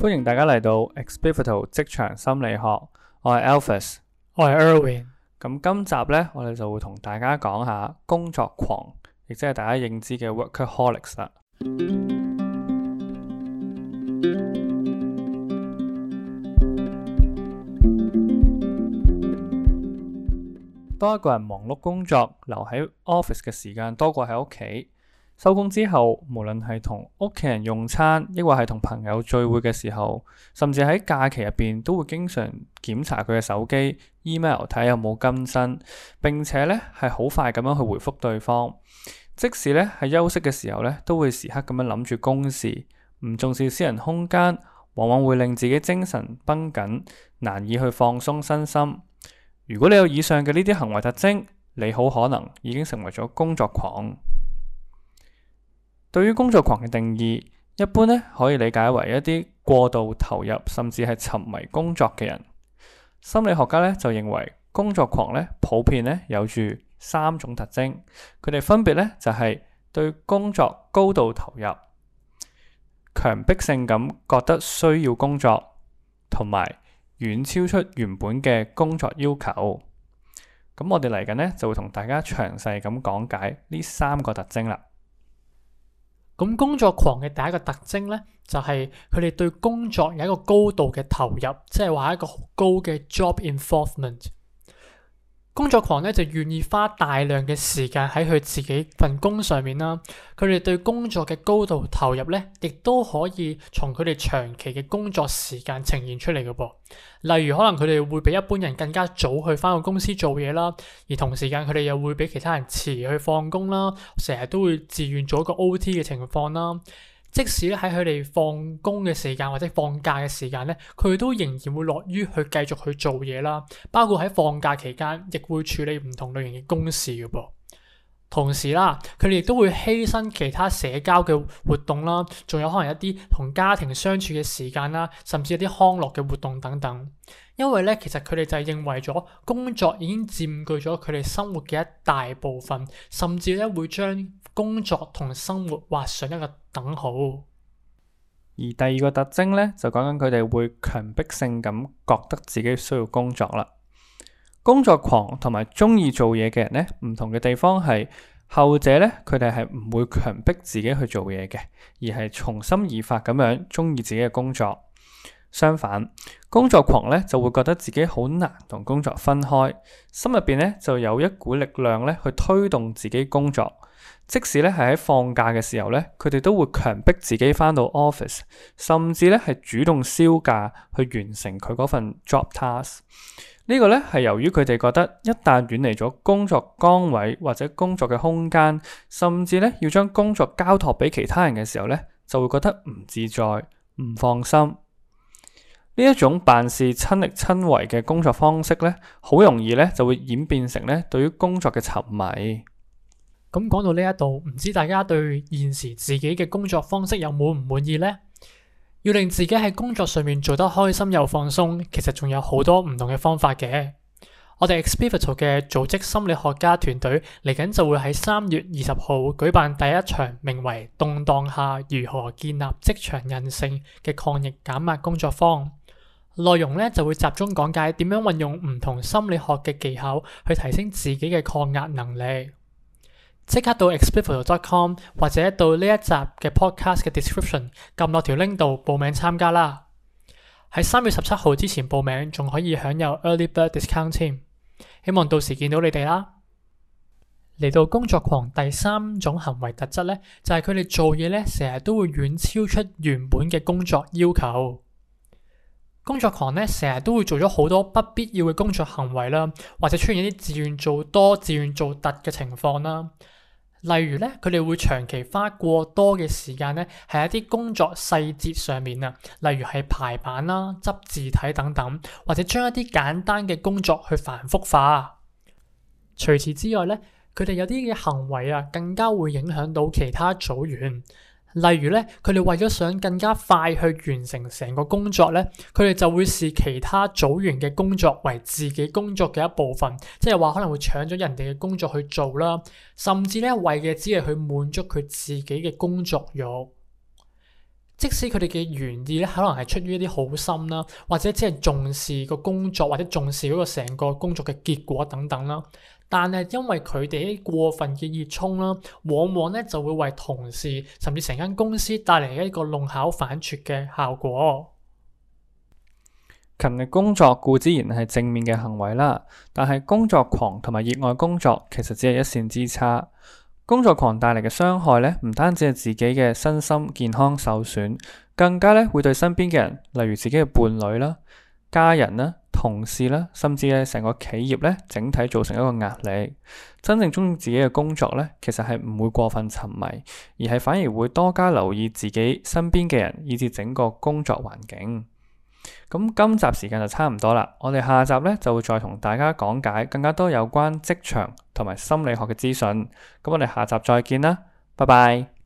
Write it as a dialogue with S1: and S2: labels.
S1: 歡迎大家嚟到 Exhibit 職場心理學，我係 Alfus，我係 Erwin。咁今集呢，我哋就會同大家講一下工作狂，亦即係大家認知嘅 workaholics 啦。當一個人忙碌工作，留喺 office 嘅時間多過喺屋企。收工之後，無論係同屋企人用餐，亦或係同朋友聚會嘅時候，甚至喺假期入邊，都會經常檢查佢嘅手機、email，睇有冇更新。並且咧係好快咁樣去回覆對方。即使咧喺休息嘅時候咧，都會時刻咁樣諗住公事，唔重視私人空間，往往會令自己精神繃緊，難以去放鬆身心。如果你有以上嘅呢啲行為特徵，你好可能已經成為咗工作狂。對於工作狂嘅定義，一般呢可以理解為一啲過度投入甚至係沉迷工作嘅人。心理學家呢就認為，工作狂呢普遍呢有住三種特徵，佢哋分別呢就係對工作高度投入、強迫性咁覺得需要工作，同埋遠超出原本嘅工作要求。咁我哋嚟緊呢就會同大家詳細咁講解呢三個特徵啦。咁工作狂嘅第一個特徵咧，就係佢哋對工作有一個高度
S2: 嘅投入，即係話一個好高嘅 job involvement。工作狂咧就願意花大量嘅時間喺佢自己份工上面啦。佢哋對工作嘅高度投入咧，亦都可以從佢哋長期嘅工作時間呈現出嚟嘅噃。例如，可能佢哋會比一般人更加早去返到公司做嘢啦，而同時間佢哋又會比其他人遲去放工啦，成日都會自願做一個 OT 嘅情況啦。即使咧喺佢哋放工嘅時間或者放假嘅時間咧，佢都仍然會樂於去繼續去做嘢啦。包括喺放假期間，亦會處理唔同類型嘅公事嘅噃。同時啦，佢哋亦都會犧牲其他社交嘅活動啦，仲有可能一啲同家庭相處嘅時間啦，甚至一啲康樂嘅活動等等。因為咧，其實佢哋就係認為咗工作已經佔據咗佢哋生活嘅一大部分，甚至咧會將工作同生活畫上一個等號，
S1: 而第二個特徵咧，就講緊佢哋會強迫性咁覺得自己需要工作啦。工作狂同埋中意做嘢嘅人咧，唔同嘅地方係後者咧，佢哋係唔會強迫自己去做嘢嘅，而係從心而發咁樣中意自己嘅工作。相反，工作狂咧就會覺得自己好難同工作分開，心入邊咧就有一股力量咧去推動自己工作。即使咧係喺放假嘅時候咧，佢哋都會強迫自己返到 office，甚至咧係主動銷假去完成佢嗰份 job task。呢個咧係由於佢哋覺得一旦遠離咗工作崗位或者工作嘅空間，甚至咧要將工作交託俾其他人嘅時候咧，就會覺得唔自在、唔放心。呢一種辦事親力親為嘅工作方式咧，好容易咧就會演變成咧對於工作嘅沉迷。
S2: 咁講到呢一度，唔知大家對現時自己嘅工作方式有滿唔滿意呢？要令自己喺工作上面做得開心又放鬆，其實仲有好多唔同嘅方法嘅。我哋 x p e r i l 嘅組織心理學家團隊嚟緊就會喺三月二十號舉辦第一場名為《動盪下如何建立職場韌性》嘅抗疫減壓工作坊。內容呢就會集中講解點樣運用唔同心理學嘅技巧去提升自己嘅抗壓能力。即刻到 explore.com 或者到呢一集嘅 podcast 嘅 description 撳落條 link 度報名參加啦。喺三月十七號之前報名，仲可以享有 early bird discount 添。希望到時見到你哋啦。嚟到工作狂第三種行為特質呢，就係佢哋做嘢呢，成日都會遠超出原本嘅工作要求。工作狂呢，成日都會做咗好多不必要嘅工作行為啦，或者出現一啲自願做多、自願做突嘅情況啦。例如咧，佢哋會長期花過多嘅時間咧，喺一啲工作細節上面啊，例如係排版啦、執字體等等，或者將一啲簡單嘅工作去繁複化。除此之外咧，佢哋有啲嘅行為啊，更加會影響到其他組員。例如咧，佢哋為咗想更加快去完成成個工作咧，佢哋就會視其他組員嘅工作為自己工作嘅一部分，即係話可能會搶咗人哋嘅工作去做啦，甚至咧為嘅只係去滿足佢自己嘅工作慾。即使佢哋嘅原意咧，可能係出於一啲好心啦，或者只係重視個工作或者重視嗰個成個工作嘅結果等等啦。但係因為佢哋啲過分嘅熱衷啦，往往咧就會為同事甚至成間公司帶嚟一個弄巧反拙嘅效果。
S1: 勤力工作固然係正面嘅行為啦，但係工作狂同埋熱愛工作其實只係一線之差。工作狂帶嚟嘅傷害呢，唔單止係自己嘅身心健康受損，更加呢會對身邊嘅人，例如自己嘅伴侶啦、家人啦、同事啦，甚至咧成個企業呢整體造成一個壓力。真正鍾意自己嘅工作呢，其實係唔會過分沉迷，而係反而會多加留意自己身邊嘅人，以致整個工作環境。咁今集時間就差唔多啦，我哋下集呢，就會再同大家講解更加多有關職場同埋心理學嘅資訊。咁我哋下集再見啦，拜拜。